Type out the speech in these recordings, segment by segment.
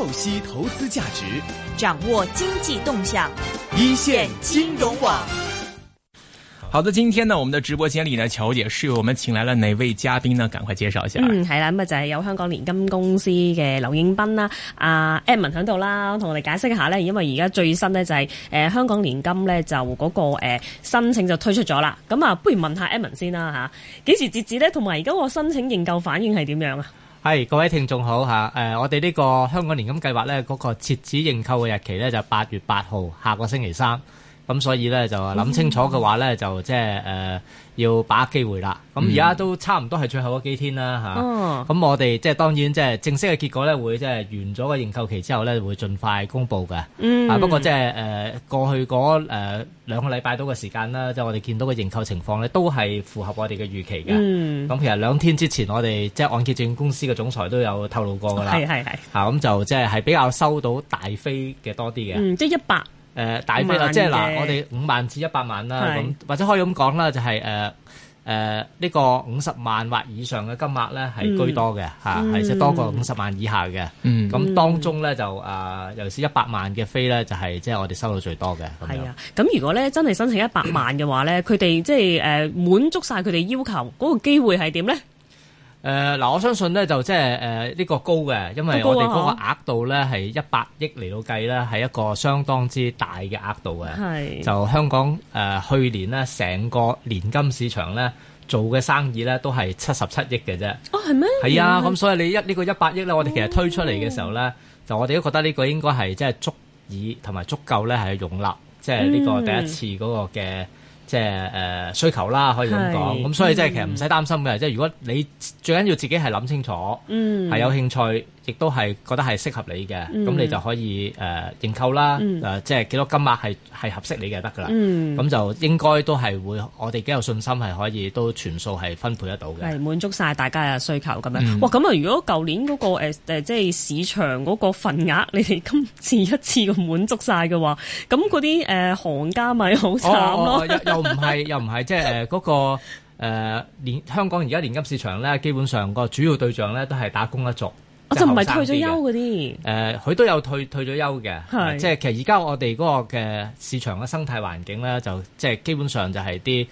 透析投資價值，掌握經濟動向，一線金融網。好的，今天呢，我們的直播間裏呢，喬姐，是我們請來了哪位嘉賓呢？趕快介紹一下。嗯，係啦，咁、嗯、就係、是、有香港年金公司嘅劉應彬啦，阿 Edmond 喺度啦，同我哋解釋一下呢。因為而家最新呢、就是，就係誒香港年金呢、那個，就嗰個誒申請就推出咗啦。咁啊，不如問下 Edmond 先啦吓，幾、啊、時截止呢？同埋而家個申請認購反應係點樣啊？係各位聽眾好吓，誒、呃，我哋呢個香港年金計劃咧，嗰個截止認購嘅日期咧就係八月八號，下個星期三。咁、嗯、所以咧就諗清楚嘅話咧，就即係誒要把握機會啦。咁而家都差唔多係最後嗰幾天啦嚇。咁、哦啊、我哋即係當然即係正式嘅結果咧，會即係完咗個認購期之後咧，會盡快公布嘅。啊、嗯，不過即係誒過去嗰誒、呃、兩個禮拜度嘅時間啦，即係我哋見到嘅認購情況咧，都係符合我哋嘅預期嘅、嗯嗯。嗯。咁其實兩天之前，我哋即係按揭證公司嘅總裁都有透露過㗎啦。係係係。嚇咁、嗯、就即係係比較收到大飛嘅多啲嘅。即係一百。誒、呃，大飛啦，即係嗱、呃，我哋五萬至一百萬啦，咁是或者可以咁講啦，就係誒誒呢個五十萬或以上嘅金額咧，係居多嘅吓，係即、嗯、多過五十萬以下嘅。咁、嗯、當中咧就啊、呃，尤其是一百萬嘅飛咧，就係即係我哋收到最多嘅咁樣。咁、啊、如果咧真係申請一百萬嘅話咧，佢哋 即係誒滿足晒佢哋要求嗰、嗰個機會係點咧？誒嗱、呃，我相信咧就即係誒呢個高嘅，因為我哋嗰個額度咧係一百億嚟到計咧，係一個相當之大嘅額度嘅。係是就香港誒、呃、去年咧，成個年金市場咧做嘅生意咧，都係七十七億嘅啫。哦，係咩？係啊，咁所以你一呢個一百億咧，我哋其實推出嚟嘅時候咧，哦、就我哋都覺得呢個應該係即係足以同埋足夠咧係容納即係呢個第一次嗰個嘅。嗯即係誒需求啦，可以咁講。咁是所以即係其實唔使擔心嘅，即係、嗯、如果你最緊要自己係諗清楚，係、嗯、有興趣。亦都係覺得係適合你嘅，咁你就可以誒認購啦，誒即係幾多金額係係合適你嘅得㗎啦。咁就應該都係會，我哋幾有信心係可以都全數係分配得到嘅，係滿足曬大家嘅需求咁樣。哇！咁啊，如果舊年嗰個誒誒即係市場嗰個份額，你哋今次一次咁滿足曬嘅話，咁嗰啲誒行家咪好慘咯，又唔係又唔係即係誒嗰個誒連香港而家年金市場咧，基本上個主要對象咧都係打工一族。我就唔係退咗休嗰啲，誒、呃，佢都有退退咗休嘅，係即係其實而家我哋嗰個嘅市場嘅生態環境咧，就即係基本上就係啲誒。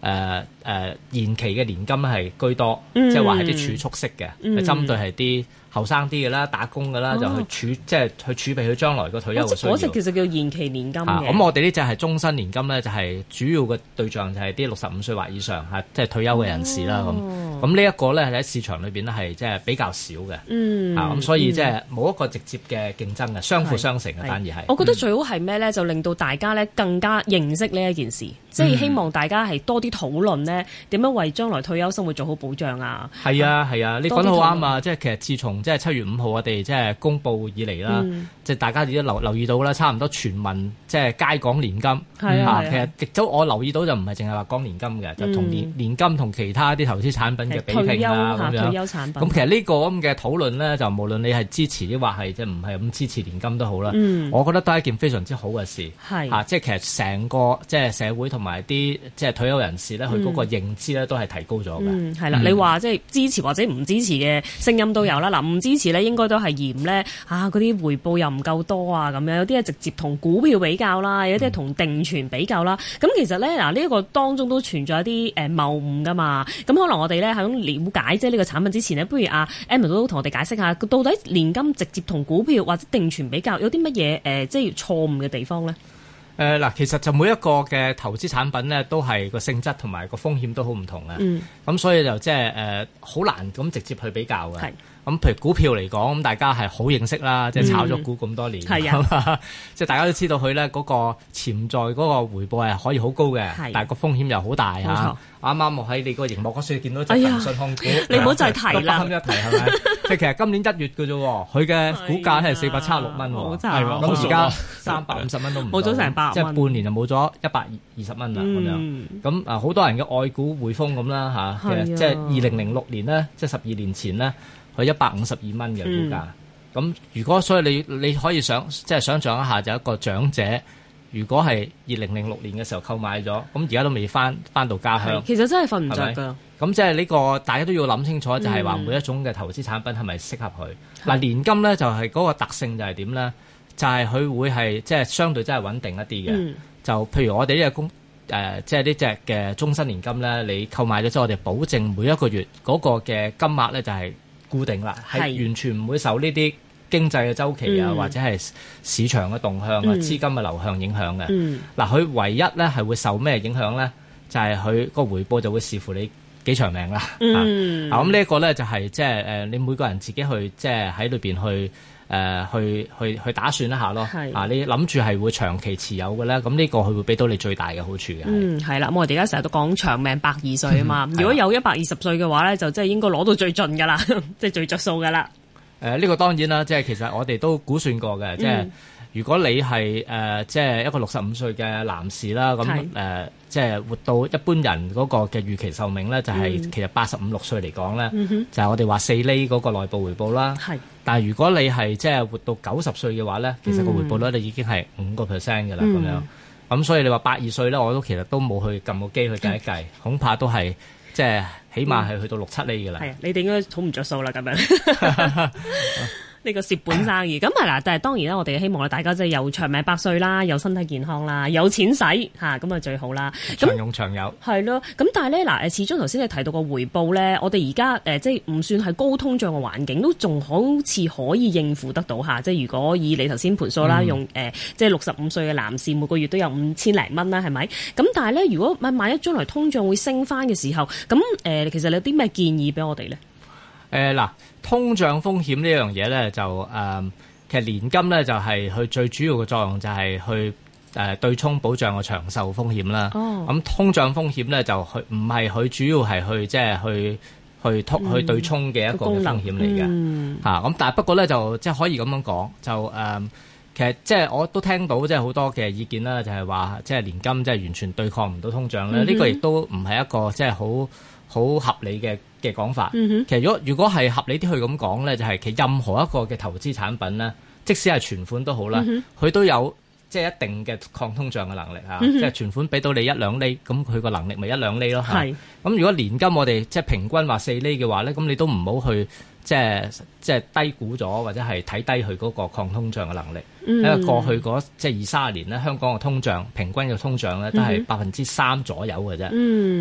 呃誒、呃、延期嘅年金係居多，嗯、即係話係啲儲蓄式嘅，係、嗯、針對係啲後生啲嘅啦，打工嘅啦、哦，就去儲，即係去儲備佢將來個退休嘅需要。嗰隻其實叫延期年金。咁我哋呢隻係終身年金咧，就係主要嘅對象就係啲六十五歲或以上，係即係退休嘅人士啦。咁咁呢一個咧喺市場裏邊咧係即係比較少嘅。咁、哦哦啊、所以即係冇一個直接嘅競爭嘅，相輔相成嘅，反、嗯嗯、而係。嗯、我覺得最好係咩咧？就令到大家咧更加認識呢一件事，即係、嗯、希望大家係多啲討論呢。嗯嗯點樣為將來退休生活做好保障啊？係啊係啊，你講得好啱啊！即係其實自從即係七月五號我哋即係公布以嚟啦，即係大家亦都留留意到啦，差唔多全民即係皆講年金啊。其實極都我留意到就唔係淨係話講年金嘅，就同年年金同其他啲投資產品嘅比拼啊咁樣。咁其實呢個咁嘅討論咧，就無論你係支持抑或係即唔係咁支持年金都好啦。我覺得都係一件非常之好嘅事。係啊，即係其實成個即係社會同埋啲即係退休人士咧，佢嗰個。認知咧都係提高咗嘅，嗯係啦，你話即係支持或者唔支持嘅聲音都有啦，嗱唔、嗯、支持咧應該都係嫌咧啊嗰啲回報又唔夠多啊咁樣，有啲係直接同股票比較啦，有啲係同定存比較啦，咁、嗯、其實咧嗱呢一、這個當中都存在一啲誒謬誤噶嘛，咁可能我哋咧喺了解即係呢個產品之前呢，不如阿 Emily 都同我哋解釋下，到底年金直接同股票或者定存比較有啲乜嘢誒即係錯誤嘅地方咧？誒嗱、呃，其實就每一個嘅投資產品咧，都係個性質同埋個風險都好唔同嘅，咁、嗯、所以就即係誒好難咁直接去比較嘅係。咁譬如股票嚟講，咁大家係好認識啦，即係炒咗股咁多年，即係大家都知道佢咧嗰個潛在嗰個回報係可以好高嘅，但係個風險又好大嚇。啱啱我喺你個熒幕嗰處見到騰訊控股，你唔好再提啦，都不堪一提係咪？即係其實今年一月嘅啫喎，佢嘅股價係四百七十六蚊喎，係喎，而家三百五十蚊，都冇咗成百，即係半年就冇咗一百二十蚊啦咁樣。咁啊好多人嘅愛股匯豐咁啦嚇，即係二零零六年呢，即係十二年前呢。佢一百五十二蚊嘅股價咁，如果所以你你可以想即係想象一下，就一個長者，如果係二零零六年嘅時候購買咗，咁而家都未返返到家鄉，其實真係瞓唔著㗎。咁即係呢個大家都要諗清楚，就係話每一種嘅投資產品係咪適合佢。嗱，年金咧？就係嗰個特性就係點咧？就係佢會係即係相對真係穩定一啲嘅。就譬如我哋呢個公誒，即係呢隻嘅終身年金咧，你購買咗之後，我哋保證每一個月嗰個嘅金額咧就係。固定啦，係是完全唔會受呢啲經濟嘅周期啊，嗯、或者係市場嘅動向啊、嗯、資金嘅流向影響嘅。嗱、嗯，佢唯一咧係會受咩影響咧？就係佢個回報就會視乎你幾長命啦。嗱、嗯，咁呢一個咧就係即係誒，你每個人自己去即係喺裏邊去。呃誒、呃，去去去打算一下咯，是啊，你諗住係會長期持有嘅咧，咁呢個佢會俾到你最大嘅好處嘅。嗯，係啦，咁我哋而家成日都講長命百二歲啊嘛，嗯、如果有一百二十歲嘅話咧，就即係應該攞到最盡噶啦， 即係最着數噶啦。誒、呃、呢、這個當然啦，即係其實我哋都估算過嘅，即係、嗯。如果你係誒即係一個六十五歲嘅男士啦，咁誒即係活到一般人嗰個嘅預期壽命咧，就係其實八十五六歲嚟講咧，就係我哋話四厘嗰個內部回報啦。係是，但係如果你係即係活到九十歲嘅話咧，其實個回報率你已經係五個 percent 㗎喇咁樣。咁所以你話八二歲咧，我都其實都冇去撳個機去計一計，恐怕都係即係起碼係去到六七厘㗎喇。係，你哋應該好唔着數啦咁樣。 呢個蝕本生意咁係啦，但係當然啦，我哋希望大家即係又長命百歲啦，又身體健康啦，有錢使嚇，咁啊最好啦。長用長有係咯，咁但係咧嗱誒，始終頭先你提到個回報咧，我哋而家誒即係唔算係高通脹嘅環境，都仲好似可以應付得到嚇。即係如果以你頭先盤數啦，嗯、用誒、呃、即係六十五歲嘅男士每個月都有五千零蚊啦，係咪？咁但係咧，如果唔係萬一將來通脹會升翻嘅時候，咁誒、呃、其實你有啲咩建議俾我哋咧？誒嗱，通脹風險呢樣嘢咧就誒，其實年金咧就係佢最主要嘅作用就係去誒對沖保障個長壽風險啦。咁、哦、通脹風險咧就去唔係佢主要係去即係去去通去對沖嘅一個風險嚟嘅。嗯，咁但係不過咧就即係可以咁樣講、嗯、就誒，其實即係我都聽到即係好多嘅意見啦，就係話即係年金即係完全對抗唔到通脹咧。呢、嗯、哼個亦都唔係一個即係好。好合理嘅嘅講法，嗯、哼其實如果如果係合理啲去咁講呢，就係、是、其任何一個嘅投資產品呢，即使係存款都好啦，佢、嗯、哼都有即係一定嘅抗通脹嘅能力嚇。嗯、哼即係存款俾到你一兩厘，咁佢個能力咪一兩厘咯嚇。咁是如果年金我哋即係平均話四厘嘅話呢，咁你都唔好去。即係即係低估咗，或者係睇低佢嗰個抗通脹嘅能力。嗯、因為過去嗰即係二三廿年咧，香港嘅通脹平均嘅通脹咧都係百分之三左右嘅啫。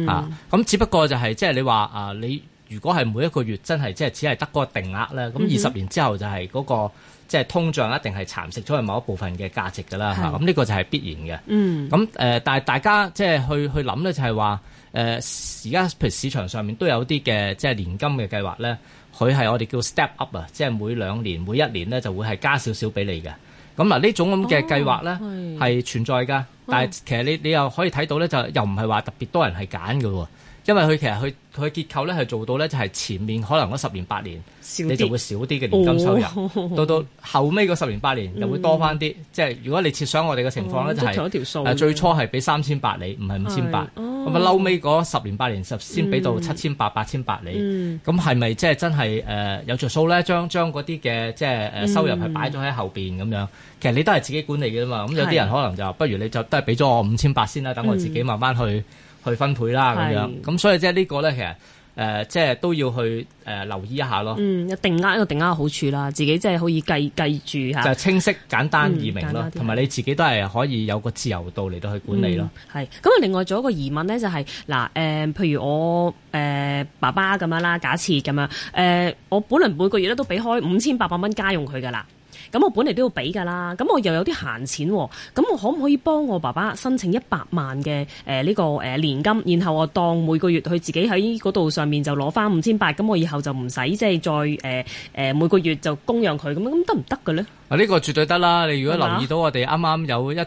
啊、嗯，咁只不過就係、是、即係你話啊，你如果係每一個月真係即係只係得嗰個定額咧，咁二十年之後就係嗰、那個即係通脹一定係蠶食咗，係某一部分嘅價值㗎啦。嚇咁呢個就係必然嘅。咁誒、嗯呃，但係大家即係去去諗咧，就係話誒，而家譬如市場上面都有啲嘅即係年金嘅計劃咧。佢係我哋叫 step up 啊，即係每兩年每一年咧，就會係加少少俾你嘅。咁嗱呢種咁嘅計劃咧，係存在㗎，哦、但係其實你你又可以睇到咧，就又唔係話特別多人係揀㗎喎。因為佢其實佢佢嘅結構咧係做到咧，就係前面可能嗰十年八年跌你就會少啲嘅年金收入，到、oh、到後尾嗰十年八年又會多翻啲。Oh、即係如果你設想我哋嘅情況咧，oh、就係最初條數，oh、最初係俾三千八你，唔係五千八。咁啊，嬲尾嗰十年八年先俾到七千八、八千八你。咁係咪即係真係誒有著數咧？將將嗰啲嘅即係誒收入係擺咗喺後邊咁樣。其實你都係自己管理嘅嘛。咁有啲人可能就的不如你就都係俾咗我五千八先啦，等我自己慢慢去。去分配啦，咁樣咁，所以即係呢個咧，其實誒、呃，即係都要去誒、呃、留意一下咯。嗯，定額一個定額嘅好處啦，自己即係可以計計住吓，下就清晰簡單易明咯，同埋你自己都係可以有個自由度嚟到去管理咯。係咁啊，另外仲有一個疑問咧，就係嗱誒，譬如我誒、呃、爸爸咁樣啦，假設咁樣誒、呃，我本來每個月咧都俾開五千八百蚊家用佢噶啦。咁我本嚟都要俾噶啦，咁我又有啲閒錢，喔，咁我可唔可以幫我爸爸申請一百萬嘅誒呢個誒、呃、年金，然後我當每個月佢自己喺嗰度上面就攞翻五千八，咁我以後就唔使即係再誒誒、呃呃、每個月就供養佢咁，咁得唔得嘅咧？啊，呢、這個絕對得啦！你如果留意到我哋啱啱有一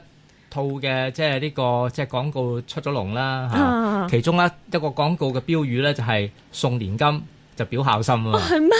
套嘅即係呢、這個即係廣告出咗籠啦嚇，啊啊、其中一一個廣告嘅標語咧就係送年金。就表孝心啊！係咩？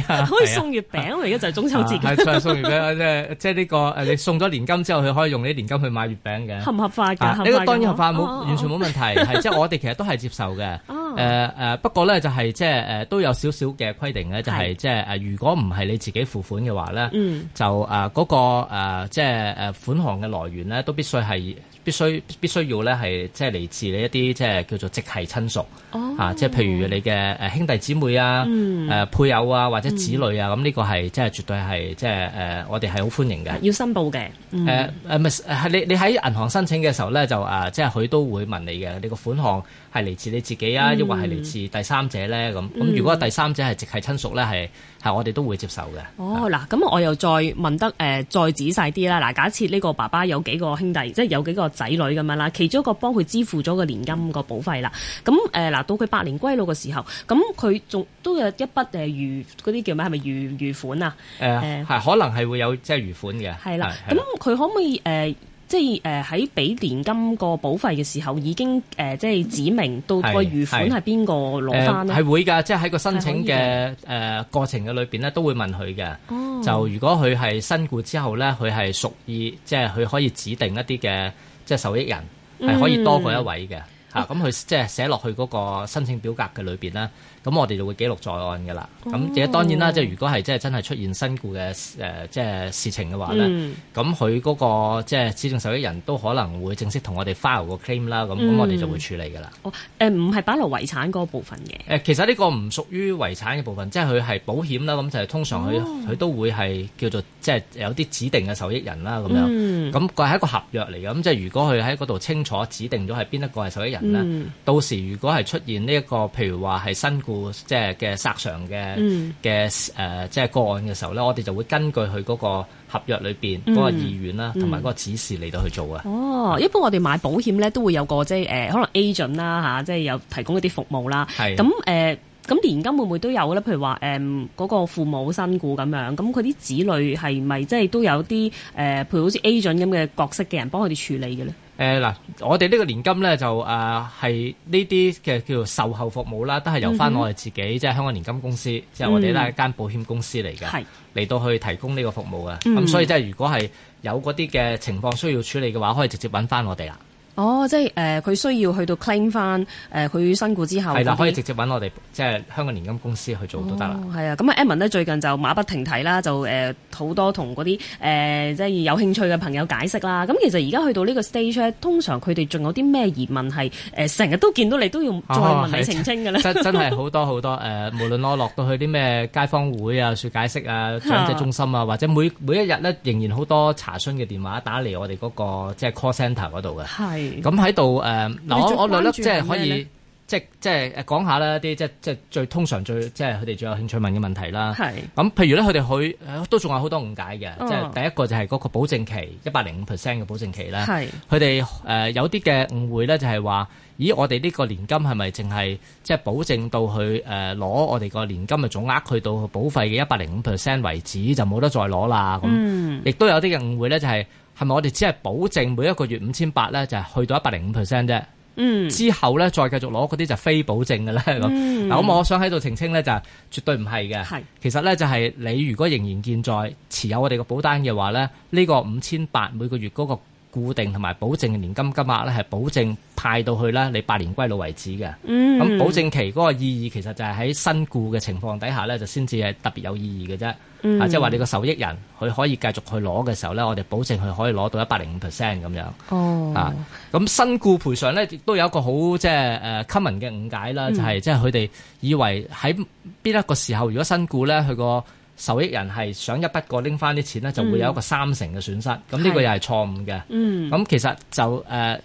係啊，可以送月餅嚟，而家就係中秋節。係，係送月餅，即係即係呢個誒，你送咗年金之後，佢可以用呢啲年金去買月餅嘅，合唔合法噶呢個當然合法，冇完全冇問題，係即係我哋其實都係接受嘅。誒誒，不過咧就係即係誒都有少少嘅規定咧，就係即係誒如果唔係你自己付款嘅話咧，就誒嗰個誒即係誒款項嘅來源咧都必須係。必須必須要咧，係即係嚟自你一啲即係叫做直系親屬、哦、啊，即係譬如你嘅誒兄弟姊妹啊，誒、嗯呃、配偶啊，或者子女啊，咁、這、呢個係即係絕對係即係誒，我哋係好歡迎嘅。要申報嘅誒誒，唔係、係、嗯呃、你你喺銀行申請嘅時候咧，就誒、啊、即係佢都會問你嘅，你個款項係嚟自你自己啊，抑或係嚟自第三者咧？咁咁如果第三者係直系親屬咧，係。係我哋都會接受嘅。哦，嗱，咁我又再問得誒、呃、再仔細啲啦。嗱，假設呢個爸爸有幾個兄弟，即係有幾個仔女咁樣啦，其中一個幫佢支付咗個年金個保費啦。咁誒嗱，到佢百年歸老嘅時候，咁佢仲都有一筆誒餘啲叫咩？係咪餘餘款啊？誒係、呃呃、可能係會有即係餘款嘅。係啦，咁佢可唔可以誒？呃即係誒喺俾年金個保費嘅時候，已經誒、呃、即係指明到個餘款係邊個攞翻咧？係會㗎，即係喺個申請嘅誒、呃、過程嘅裏邊咧，都會問佢嘅。就如果佢係身故之後咧，佢係、哦、屬意即係佢可以指定一啲嘅即係受益人，係可以多過一位嘅嚇。咁佢、嗯、即係寫落去嗰個申請表格嘅裏邊咧。咁我哋就會記錄在案㗎喇。咁亦、哦、當然啦，即係如果係即係真係出現身故嘅誒即係事情嘅話咧，咁佢嗰個即係指定受益人都可能會正式同我哋 file 個 claim 啦。咁咁、嗯、我哋就會處理㗎喇。哦，唔、呃、係保留遺產嗰部分嘅。誒其實呢個唔屬於遺產嘅部分，即係佢係保險啦。咁就係通常佢佢、哦、都會係叫做即係、就是、有啲指定嘅受益人啦。咁樣，咁佢係一個合約嚟嘅。咁即係如果佢喺嗰度清楚指定咗係邊一個係受益人咧，嗯、到時如果係出現呢、這、一個譬如話係身故。嗯、即係嘅索償嘅嘅誒，即係個案嘅時候咧，我哋就會根據佢嗰個合約裏邊嗰個意願啦，同埋嗰個指示嚟到去做嘅。哦，的一般我哋買保險咧都會有個即係誒，可能 agent 啦嚇，即係有提供一啲服務啦。係咁誒，咁、呃、年金會唔會都有咧？譬如話誒，嗰、呃那個父母身故咁樣，咁佢啲子女係咪即係都有啲誒、呃，譬如好似 agent 咁嘅角色嘅人幫佢哋處理嘅咧？誒嗱、呃，我哋呢個年金呢，就誒係呢啲嘅叫做售後服務啦，都係由翻我哋自己、嗯、即係香港年金公司，嗯、即係我哋呢係一間保險公司嚟嘅，嚟是到去提供呢個服務嘅。咁、嗯嗯、所以即係如果係有嗰啲嘅情況需要處理嘅話，可以直接揾翻我哋啦。哦，即係誒佢需要去到 claim 翻誒佢、呃、身故之後，係啦，可以直接揾我哋即係香港年金公司去做、哦、都得啦。係啊、哦，咁啊，Evan 咧最近就馬不停蹄啦，就誒好、呃、多同嗰啲誒即係有興趣嘅朋友解釋啦。咁其實而家去到呢個 stage 咧，通常佢哋仲有啲咩疑問，係誒成日都見到你都要再問你澄清㗎啦、哦哦。 真真係好多好多誒、呃、無論攞落到去啲咩街坊會啊，說解釋啊，長者中心啊，或者每每，每一日咧仍然好多查詢嘅電話打嚟我哋嗰個即係 call center 度嘅 的。咁喺度誒嗱，我我兩粒即係可以即係即係誒講下咧啲即即最通常最即係佢哋最有興趣問嘅問題啦。係咁，譬如咧佢哋佢都仲有好多誤解嘅，即係第一個就係嗰個保證期一百零五 percent 嘅保證期咧。係佢哋誒有啲嘅誤會咧，就係話咦，我哋呢個年金係咪淨係即係保證到去誒攞我哋個年金嘅總額去到保費嘅一百零五 percent 為止就冇得再攞啦？咁亦都有啲嘅誤會咧，就係。係咪我哋只係保證每一個月五千八咧，就係去到一百零五 percent 啫？嗯，之後咧再繼續攞嗰啲就非保證嘅咧咁嗱。咁、嗯、 我想喺度澄清咧，就係、絕對唔係嘅。係是其實咧就係你如果仍然健在持有我哋嘅保單嘅話咧，呢、呢個五千八每個月嗰個。固定同埋保證年金金額咧，係保證派到去咧，你百年歸老為止嘅。咁、嗯、保證期嗰個意義其實就係喺身故嘅情況底下咧，就先至係特別有意義嘅啫。嗯、啊，即係話你個受益人佢可以繼續去攞嘅時候咧，我哋保證佢可以攞到一百零五 percent 咁樣。哦，啊，咁身故賠償咧，亦都有一個好即係誒 common 嘅誤解啦，嗯、就係即係佢哋以為喺邊一個時候如果身故咧，佢個受益人係想一筆過拎翻啲錢咧，就會有一個三成嘅損失。咁呢、嗯、個又係錯誤嘅。咁、嗯、其實就誒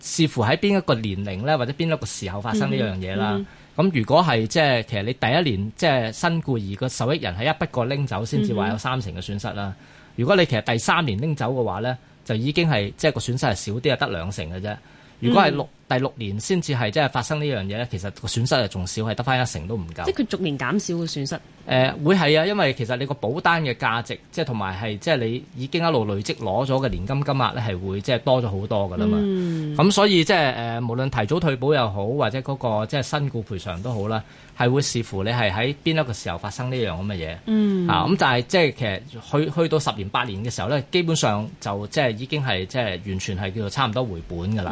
視、呃、乎喺邊一個年齡咧，或者邊一個時候發生呢樣嘢啦。咁、嗯嗯、如果係即係其實你第一年即係身故而個受益人係一筆過拎走，先至話有三成嘅損失啦。嗯、如果你其實第三年拎走嘅話咧，就已經係即係個損失係少啲，就得兩成嘅啫。如果係六、嗯。第六年先至係即係發生呢樣嘢咧，其實個損失又仲少，係得返一成都唔夠。即係佢逐年減少嘅損失。誒、呃，會係啊，因為其實你個保單嘅價值，即係同埋係即係你已經一路累積攞咗嘅年金金額咧，係會即係多咗好多噶啦嘛。咁、嗯、所以即係誒，無論提早退保又好，或者嗰個即係身故賠償都好啦，係會視乎你係喺邊一個時候發生呢樣咁嘅嘢。嗯、啊，咁但係即係其實去去到十年八年嘅時候咧，基本上就即係已經係即係完全係叫做差唔多回本噶啦。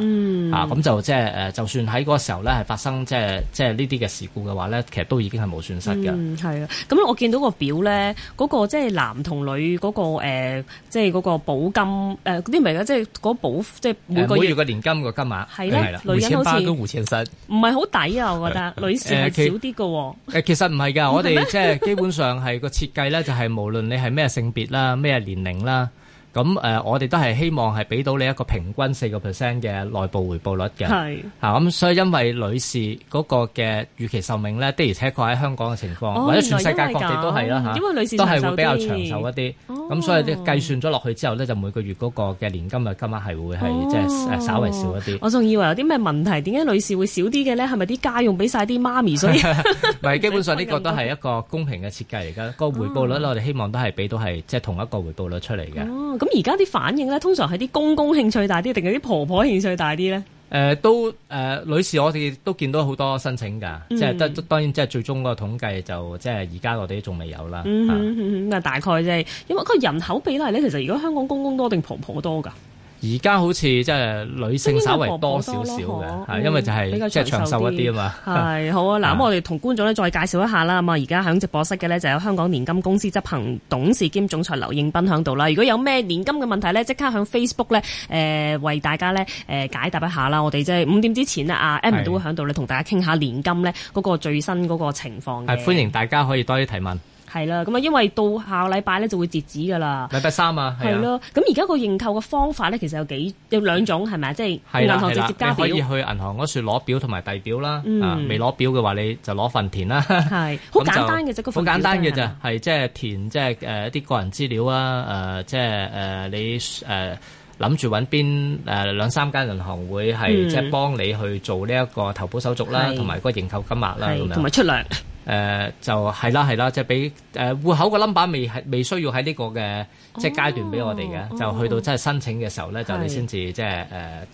啊，咁、嗯、就。嗯嗯嗯嗯嗯即係誒，就算喺嗰個時候咧，係發生即係即係呢啲嘅事故嘅話咧，其實都已經係冇損失嘅。嗯，係啊。咁我見到個表咧，嗰、嗰個即係男同女嗰、嗰個即係嗰個保金誒，嗰啲唔係啊，即係嗰保即係每個月嘅年金個金額。係啦的，女人好似，唔係好抵啊，我覺得女士係少啲嘅喎。誒，其實唔係㗎，我哋即係基本上係個 設計咧，就係無論你係咩性別啦，咩年齡啦。咁誒，我哋都係希望係俾到你一個平均四個 percent 嘅內部回報率嘅。係。嚇咁，所以因為女士嗰個嘅預期壽命咧，的而且確喺香港嘅情況，或者全世界各地都係啦嚇，因為女士都係會比較長壽一啲。哦。咁所以咧，計算咗落去之後咧，就每個月嗰個嘅年金嘅金額係會係即係誒，稍為少一啲。我仲以為有啲咩問題，點解女士會少啲嘅咧？係咪啲家用俾曬啲媽咪？所以唔係，基本上呢個都係一個公平嘅設計嚟噶。個回報率我哋希望都係俾到係即係同一個回報率出嚟嘅。哦。咁而家啲反應咧，通常係啲公公興趣大啲，定係啲婆婆興趣大啲咧？誒、呃，都誒、呃，女士，我哋都見到好多申請㗎，嗯、即係當然，即係最終嗰個統計就是、即係而家我哋都仲未有啦。咁啊、嗯的嗯，大概即係，因為個人口比例咧，其實如果香港公公多定婆婆多㗎？而家好似即係女性稍為多少少嘅，係因為就係即係長壽一啲啊嘛。係、嗯、 好啊，嗱咁我哋同觀眾咧再介紹一下啦。咁啊的，而家喺直播室嘅，呢就有香港年金公司執行董事兼總裁劉應彬喺度啦。如果有咩年金嘅問題呢，即刻喺 Facebook 咧，誒、呃、為大家呢誒解答一下啦。我哋即係五點之前的啊阿 Emily 都會喺度咧同大家傾下年金呢嗰個最新嗰個情況嘅。歡迎大家可以多啲提問。係啦，咁啊，因為到下個禮拜咧就會截止噶啦。禮拜三啊，係咯。咁而家個認購嘅方法咧，其實有幾有兩種係咪啊？即係銀行直接交表。你可以去銀行嗰處攞表同埋遞表啦。嗯。未攞表嘅話，你就攞份填啦。係。好簡單嘅啫，嗰份表。好簡單嘅啫，係即係填即係誒一啲個人資料啊，誒即係誒你誒諗住揾邊誒兩三間銀行會係即係幫你去做呢一個投保手續啦，同埋嗰個認購金額啦，咁樣。同埋出糧。誒就係啦，係啦，即係俾誒戶口個冧巴未係未需要喺呢個嘅即係階段俾我哋嘅，就去到即係申請嘅時候咧，就你先至即係誒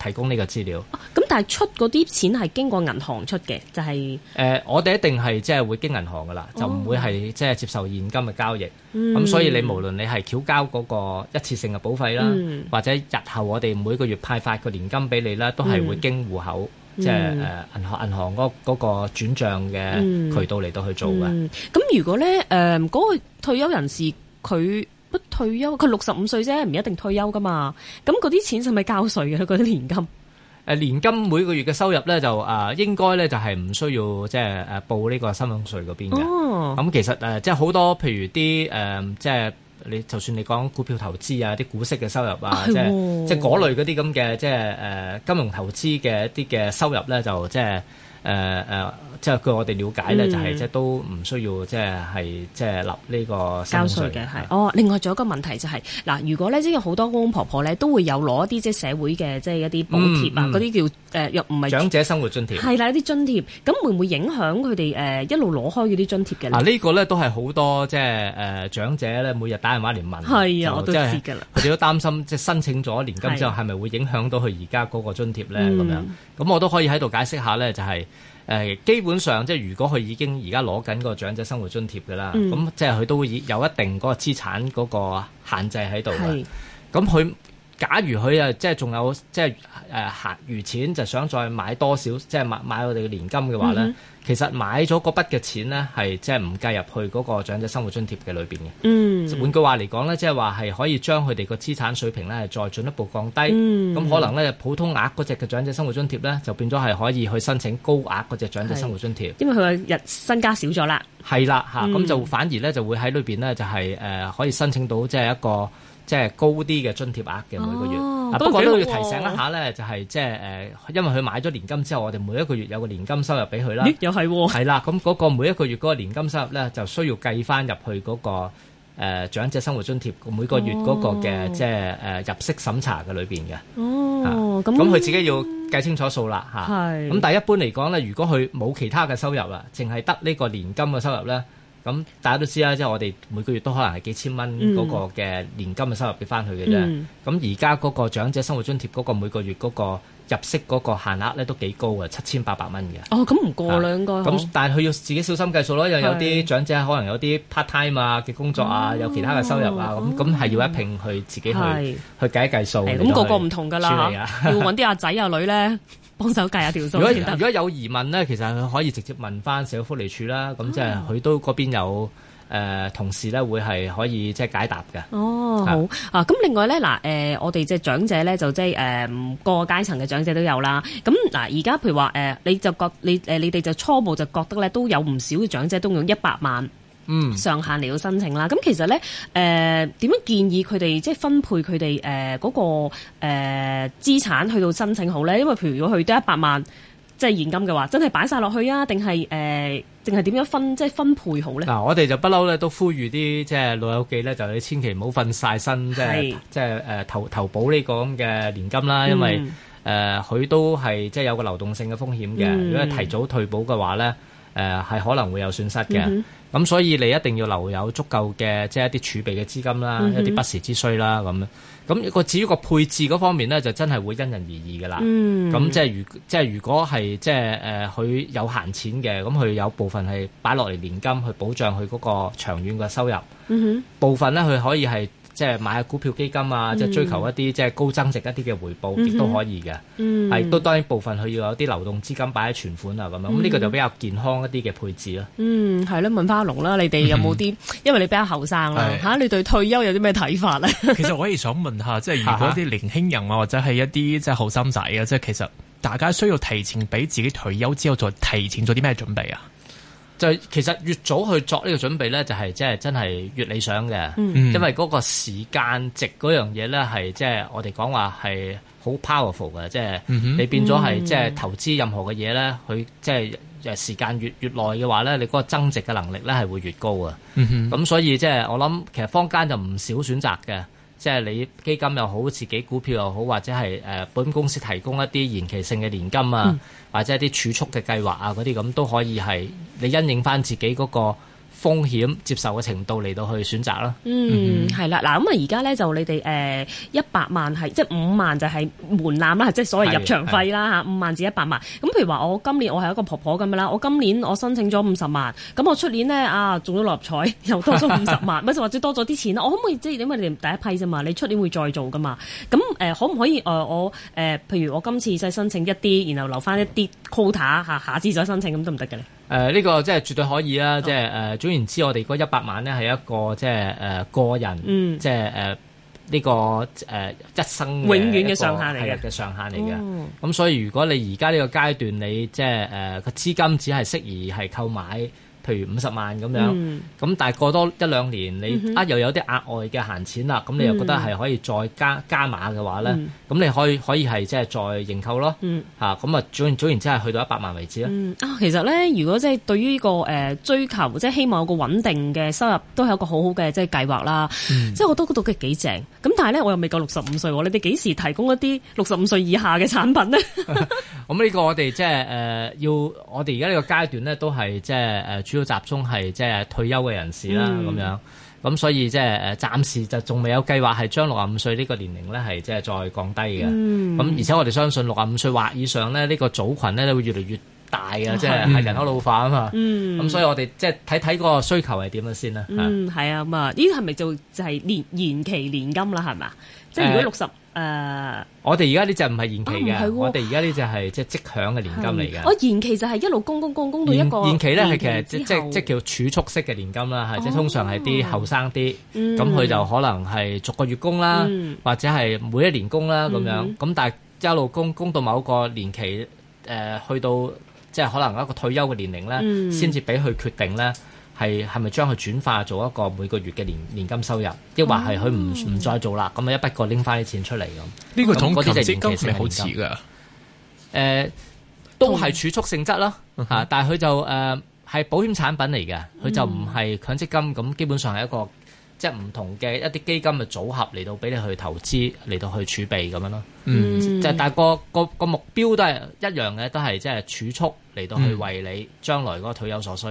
提供呢個資料。咁但係出嗰啲錢係經過銀行出嘅，就係誒我哋一定係即係會經銀行㗎喇，就唔會係即係接受現金嘅交易。咁所以你無論你係繳交嗰個一次性嘅保費啦，或者日後我哋每個月派發個年金俾你啦，都係會經戶口。即係誒，銀、嗯、行銀行嗰嗰個轉賬嘅渠道嚟到去做嘅、嗯。咁、嗯、如果咧，誒、呃、嗰、那個退休人士佢不退休，佢六十五歲啫，唔一定退休噶嘛。咁嗰啲錢係咪交稅嘅嗰啲年金？誒、呃，年金每個月嘅收入咧就啊、呃，應該咧就係唔需要即係誒報呢個薪俸稅嗰邊嘅。咁、哦嗯、其實誒、呃，即係好多譬如啲誒、呃，即係。你就算你講股票投資啊，啲股息嘅收入啊，哎、喲即係即係嗰類嗰啲咁嘅，即係誒金融投資嘅一啲嘅收入咧，就即係誒誒。呃即係據我哋了解咧，嗯、就係即係都唔需要，即係係即係立呢個稅。交稅嘅係。哦，另外仲有一個問題就係，嗱，如果咧即係好多公公婆婆咧都會有攞一啲即係社會嘅即係一啲補貼啊，嗰啲、嗯、叫誒又唔係長者生活津貼，係啦，啲津貼咁會唔會影響佢哋誒一路攞開嗰啲津貼嘅？嗱，啊這個、呢個咧都係好多即係誒、呃、長者咧每日打電話嚟問，係啊的，就我都知㗎啦。佢哋都擔心即係 申請咗年金之後係咪會影響到佢而家嗰個津貼咧？咁樣咁我都可以喺度解釋下咧，就係、是。誒基本上，即係如果佢已經而家攞緊個長者生活津貼㗎啦，咁、嗯、即係佢都已有一定嗰個資產嗰個限制喺度啦。咁佢是。假如佢啊，即係仲有即係誒閒餘錢，呃、就想再買多少，即係買買我哋嘅年金嘅話咧，mm hmm. 其實買咗嗰筆嘅錢咧，係即係唔計入去嗰個長者生活津貼嘅裏邊嘅。嗯、mm，hmm. 換句話嚟講咧，即係話係可以將佢哋個資產水平咧，再進一步降低。咁、mm hmm. 可能咧普通額嗰隻嘅長者生活津貼咧，就變咗係可以去申請高額嗰隻長者生活津貼。因為佢嘅日身家少咗啦。係啦，嚇，咁就反而咧就會喺裏邊咧就係誒可以申請到即係一個。即係高啲嘅津貼額嘅每個月，不過都要提醒一下咧，就係即係誒，因為佢買咗年金之後，我哋每一個月有個年金收入俾佢啦。又係，係啦，咁嗰個每一個月嗰個年金收入咧，就需要計翻入去嗰個誒長者生活津貼每個月嗰個嘅即係誒入息審查嘅裏邊嘅。哦，咁咁佢自己要計清楚數啦嚇。係。咁但係一般嚟講咧，如果佢冇其他嘅收入啦，淨係得呢個年金嘅收入咧。咁大家都知啦，即係我哋每個月都可能係幾千蚊嗰個嘅年金嘅收入俾翻佢嘅啫。咁而家嗰個長者生活津貼嗰個每個月嗰個入息嗰個限額咧都幾高嘅，七千八百蚊嘅。哦，咁唔過啦，應該。咁但係佢要自己小心計數咯，又有啲長者可能有啲 part time 啊嘅工作啊，嗯、有其他嘅收入啊，咁咁係要一拼佢自己去去計一計數。咁個個唔同㗎啦，嚇是，嗯嗯嗯、要揾啲阿仔阿女咧。幫手計下條數。如果如果有疑問咧，其實佢可以直接問翻社會福利署啦。咁、嗯、即係佢都嗰邊有誒、呃、同事咧，會係可以即係解答嘅。哦，好啊是。咁、哦、另外咧，嗱、呃、誒，我哋即係長者咧，就即係誒、呃，各個階層嘅長者都有啦。咁嗱，而家譬如話誒、呃，你就覺你誒，你哋、呃、就初步就覺得咧，都有唔少嘅長者都用一百萬。嗯，上限嚟到申請啦。咁其實咧，誒、呃、點樣建議佢哋即係分配佢哋誒嗰個誒、呃、資產去到申請好咧？因為譬如如果佢得一百萬，即、就、係、是、現金嘅話，真係擺晒落去啊？定係誒，定係點樣分即係分配好咧？嗱、啊，我哋就不嬲咧，都呼籲啲即係老友記咧，就你千祈唔好瞓晒身，是即係即係誒投投保呢個咁嘅年金啦。因為誒佢、嗯呃、都係即係有個流動性嘅風險嘅，如果提早退保嘅話咧。誒係可能會有損失嘅，咁、嗯、哼所以你一定要留有足夠嘅即係一啲儲備嘅資金啦，嗯、哼一啲不時之需啦咁。咁個至於個配置嗰方面咧，就真係會因人而異㗎啦。咁、嗯、即係如即係如果係即係誒，佢、呃、有閒錢嘅，咁佢有部分係擺落嚟年金去保障佢嗰個長遠嘅收入，嗯、哼部分咧佢可以係。即係買下股票基金啊！嗯、即係追求一啲即係高增值一啲嘅回報，亦都可以嘅。係都、嗯、當然部分佢要有啲流動資金擺喺存款啊咁、嗯、樣。咁呢個就比較健康一啲嘅配置啦。嗯，係啦，問翻阿龍啦，你哋有冇啲？嗯、因為你比較後生啦，嚇的、啊、你對退休有啲咩睇法啊？其實我可以想問下，即係如果啲年輕人啊，或者係一啲即係後生仔啊，即係其實大家需要提前俾自己退休之後，再提前做啲咩準備啊？就其實越早去作呢個準備咧，就係即係真係越理想嘅，嗯、因為嗰個時間值嗰樣嘢咧，係即係我哋講話係好 powerful 嘅，即、就、係、係、你變咗係、嗯、即係投資任何嘅嘢咧，佢即係時間越越耐嘅話咧，你嗰個增值嘅能力咧係會越高啊！咁、嗯嗯、所以即係我諗，其實坊間就唔少選擇嘅。即係你基金又好，自己股票又好，或者係誒本公司提供一啲延期性嘅年金啊，或者一啲儲蓄嘅計劃啊，嗰啲咁都可以係你因應翻自己嗰個。風險接受嘅程度嚟到去選擇啦。嗯，係啦、嗯，嗱，咁啊而家咧就你哋誒一百萬係即係五萬就係門檻啦，即係所謂入場費啦吓，五的萬至一百萬。咁譬如話，我今年我係一個婆婆咁樣啦，我今年我申請咗五十萬，咁我出年咧啊中咗六合彩又多咗五十萬，咪就 或者多咗啲錢啦，我可唔可以即係因為你哋第一批啫嘛，你出年會再做噶嘛？咁誒、呃、可唔可以誒、呃、我誒、呃、譬如我今次再申請一啲，然後留翻一啲 quota 吓，下次再申請咁都唔得嘅咧？行誒呢、呃這個即係絕對可以啦，即係誒總言之，我哋嗰一百萬咧係一個即係誒個人，嗯、即係誒呢個誒、呃、一生嘅永遠嘅上限嚟嘅嘅上限嚟嘅。咁、嗯嗯、所以如果你而家呢個階段，你即係誒個資金只係適宜係購買。譬如五十萬咁樣，咁、嗯、但係過多一兩年，你啊又有啲額外嘅閒錢啦，咁、嗯、你又覺得係可以再加加碼嘅話咧，咁、嗯、你可以可以係即係再認購咯，嚇咁、嗯、啊總總言之係去到一百萬為止啦。啊、嗯，其實咧，如果即係對於呢、這個誒、呃、追求，即、就、係、是、希望有個穩定嘅收入，都係一個好好嘅即係計劃啦。即係、嗯、我都覺得佢度幾正，咁但係咧我又未夠六十五歲喎，你哋幾時提供一啲六十五歲以下嘅產品咧？咁 呢 個我哋即係誒要，要要我哋而家呢個階段咧都係即係誒。就是要集中係即係退休嘅人士啦，咁、嗯、樣，咁所以即係誒，暫時就仲未有計劃係將六十五歲呢個年齡咧，係即係再降低嘅。咁、嗯、而且我哋相信六十五歲或以上咧，呢個組群咧會越嚟越大嘅，即係係人口老化啊嘛。咁、嗯、所以我哋即係睇睇個需求係點樣先啦。嗯，係啊，咁啊，呢個係咪就就係年延期年金啦？係咪，即係如果六十、呃。誒，uh, 我哋而家呢只唔係延期嘅，我哋而家呢只係即係即享嘅年金嚟嘅。我延期就係一路供供供供到一個。延期咧係其實即係即叫儲蓄式嘅年金啦，係即係通常係啲後生啲，咁佢、哦嗯、就可能係逐個月供啦，嗯、或者係每一年供啦咁樣，咁但係一路供供到某個年期，誒、呃，去到即係可能一個退休嘅年齡咧，先至俾佢決定咧。係係咪將佢轉化做一個每個月嘅年年金收入，抑或係佢唔唔再做啦？咁啊一筆過拎翻啲錢出嚟咁？呢個同嗰啲就年金其實好似噶。誒、嗯，都係儲蓄性質啦吓，但係佢就誒係、呃、保險產品嚟嘅，佢就唔係強積金咁，基本上係一個即係唔同嘅一啲基金嘅組合嚟到俾你去投資嚟到去儲備咁樣咯。嗯，就但係、嗰個個、嗰個目標都係一樣嘅，都係即係儲蓄嚟到去為你將來嗰個退休所需。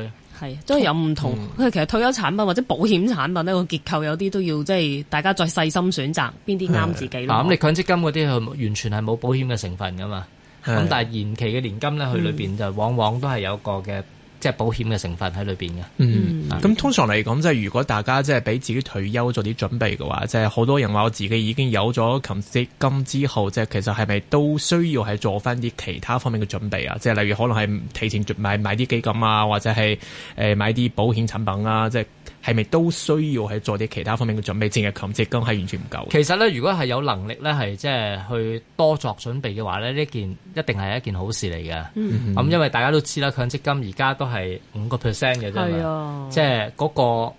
係，都、係、有唔同。佢、嗯、其實退休產品或者保險產品呢個結構有啲都要即係大家再細心選擇邊啲啱自己咯。咁你強積金嗰啲係完全係冇保險嘅成分噶嘛？咁但係延期嘅年金咧，佢裏邊就往往都係有個嘅，即係保險嘅成分喺裏邊嘅，嗯，咁、嗯、通常嚟講，即係如果大家即係俾自己退休做啲準備嘅話，即係好多人話我自己已經有咗強積金之後，即係其實係咪都需要係做翻啲其他方面嘅準備啊？即係例如可能係提前買買啲基金啊，或者係誒買啲保險產品啊，即係。係咪都需要係做啲其他方面嘅準備？淨係強積金係完全唔夠。其實咧，如果係有能力咧，係即係去多作準備嘅話咧，呢件一定係一件好事嚟嘅。咁、嗯、哼因為大家都知啦，強積金而家都係五個 percent 嘅啫嘛，即係嗰個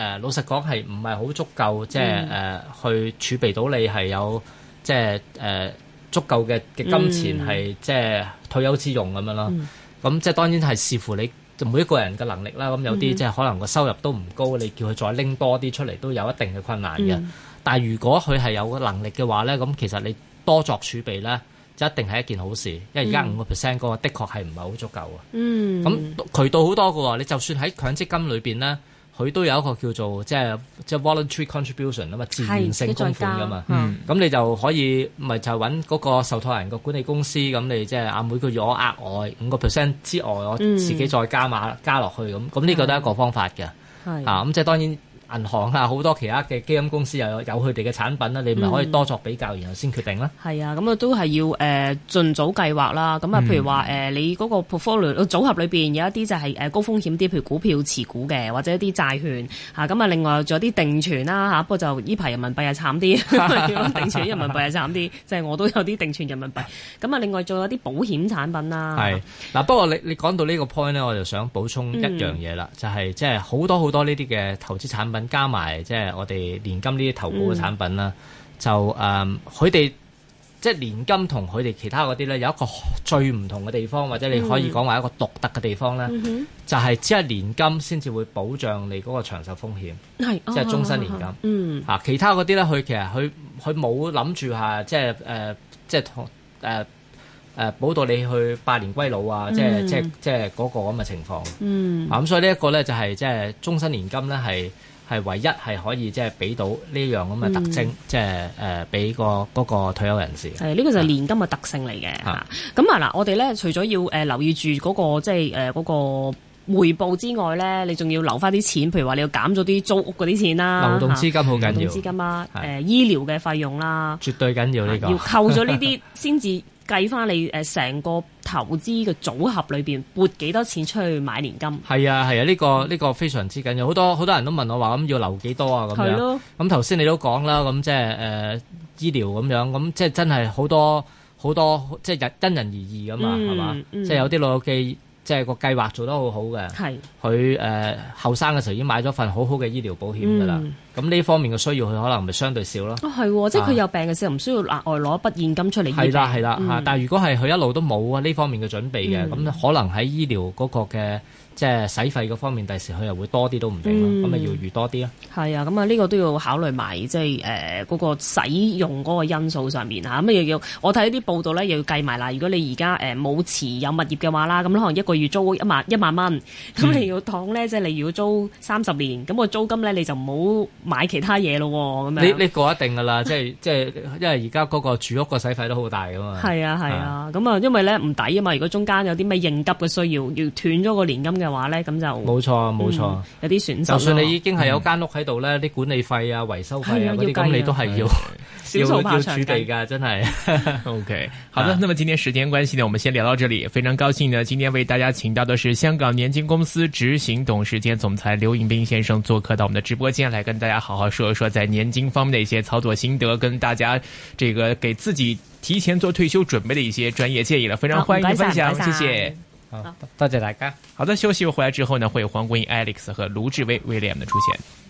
老實講係唔係好足夠，即係誒、嗯呃、去儲備到你係有即係誒、呃、足夠嘅嘅金錢，係、嗯、即係退休之用咁樣咯。咁即係當然係視乎你。就每一個人嘅能力啦，咁有啲即係可能個收入都唔高，你叫佢再拎多啲出嚟都有一定嘅困難嘅。嗯、但係如果佢係有個能力嘅話呢，咁其實你多作儲備咧，就一定係一件好事，因為而家五個 percent 嗰個的確係唔係好足夠啊。咁、嗯、渠道好多嘅喎，你就算喺強積金裏邊呢。佢都有一個叫做即係即係 voluntary contribution 啊嘛，自願性供款噶嘛，咁、嗯、你就可以咪就揾嗰個受託人個管理公司，咁你即係啊每個月我額外五個 percent 之外，我自己再加碼，嗯、加落去咁，咁呢個都係一個方法嘅，啊咁即係當然。銀行啊，好多其他嘅基金公司又有佢哋嘅產品啦，你咪可以多作比較，嗯、然後先決定啦。係啊，咁、嗯、啊都係要誒盡早計劃啦。咁、嗯、啊，譬如話誒、呃，你嗰個 portfolio 組合裏邊有一啲就係誒高風險啲，譬如股票持股嘅，或者一啲債券嚇。咁啊，另外仲有啲定存啦嚇、啊，不過就呢排人民幣係慘啲， 定存人民幣係慘啲？即係 我都有啲定存人民幣。咁啊，另外仲有啲保險產品啦。係、啊、嗱，不過你你講到呢個 point 呢，我就想補充一樣嘢啦，就係即係好多好多呢啲嘅投資產品。加埋即係我哋年金呢啲投保嘅產品啦，就誒佢哋即係年金同佢哋其他嗰啲咧有一個最唔同嘅地方，或者你可以講話一個獨特嘅地方咧，就係只係年金先至會保障你嗰個長壽風險，係即係終身年金。嗯啊，其他嗰啲咧，佢其實佢佢冇諗住嚇，即係誒即係誒誒保到你去百年歸老啊！即係即係即係嗰個咁嘅情況。嗯咁所以呢一個咧就係即係終身年金咧係。係唯一係可以即係俾到呢樣咁嘅特徵，嗯、即係誒俾個嗰、嗰個退休人士。係呢個就年金嘅特性嚟嘅嚇。咁啊嗱，啊我哋咧除咗要誒留意住嗰、嗰個即係誒嗰個回報之外咧，你仲要留翻啲錢，譬如話你要減咗啲租屋嗰啲錢啦、啊，流動資金好緊要，流動資金啦、啊，誒的、啊、醫療嘅費用啦、啊，絕對緊要呢個、啊、要扣咗呢啲先至。計翻你誒成個投資嘅組合裏邊撥幾多錢出去買年金？係啊係啊，呢個呢個非常之緊要。好多好多人都問我話，咁要留幾多啊咁樣。咁頭先你都講啦，咁即係誒醫療咁樣，咁即係真係好多好多即係因人而異噶嘛，係嘛？即係有啲老友記。即係個計劃做得好好嘅，係佢誒後生嘅時候已經買咗份好好嘅醫療保險㗎啦。咁呢、嗯、方面嘅需要，佢可能咪相對少咯。哦，係喎，即係佢有病嘅時候唔需要額外攞一筆現金出嚟。係啦，係啦嚇。嗯、但係如果係佢一路都冇呢方面嘅準備嘅，咁、嗯、可能喺醫療嗰個嘅。即係使費嗰方面，第時佢又會多啲都唔定咯，咁咪要預多啲咯。係啊，咁啊呢個都要考慮埋即係誒嗰個使用嗰個因素上面嚇，咁啊又要我睇啲報道咧，又要計埋嗱。如果你而家誒冇持有物業嘅話啦，咁可能一個月租一萬一萬蚊，咁你要當咧，嗯、即係你要租三十年，咁個租金咧你就唔好買其他嘢咯喎。咁樣呢呢個一定㗎啦， 即係即係因為而家嗰個住屋個使費都好大㗎嘛。係啊係啊，咁啊，啊，啊因為咧唔抵啊嘛，如果中間有啲咩應急嘅需要，要斷咗個年金嘅。嘅話咧，咁就冇錯冇錯，有啲選擇。就算你已經係有間屋喺度咧，啲管理費啊、維修費啊嗰啲，咁你都係要，要要要處理㗎，真係。OK，好的，那麼今天時間關係呢，我們先聊到這裏。非常高興呢，今天為大家請到的是香港年金公司執行董事兼總裁劉應彬先生做客到我們的直播間，來跟大家好好說一說在年金方面的一些操作心得，跟大家這個給自己提前做退休準備的一些專業建議啦。非常歡迎分享，謝謝。好，多謝大家。好的，休息會回來之後呢，會有黃國英、Alex 和盧志威、William 的出現。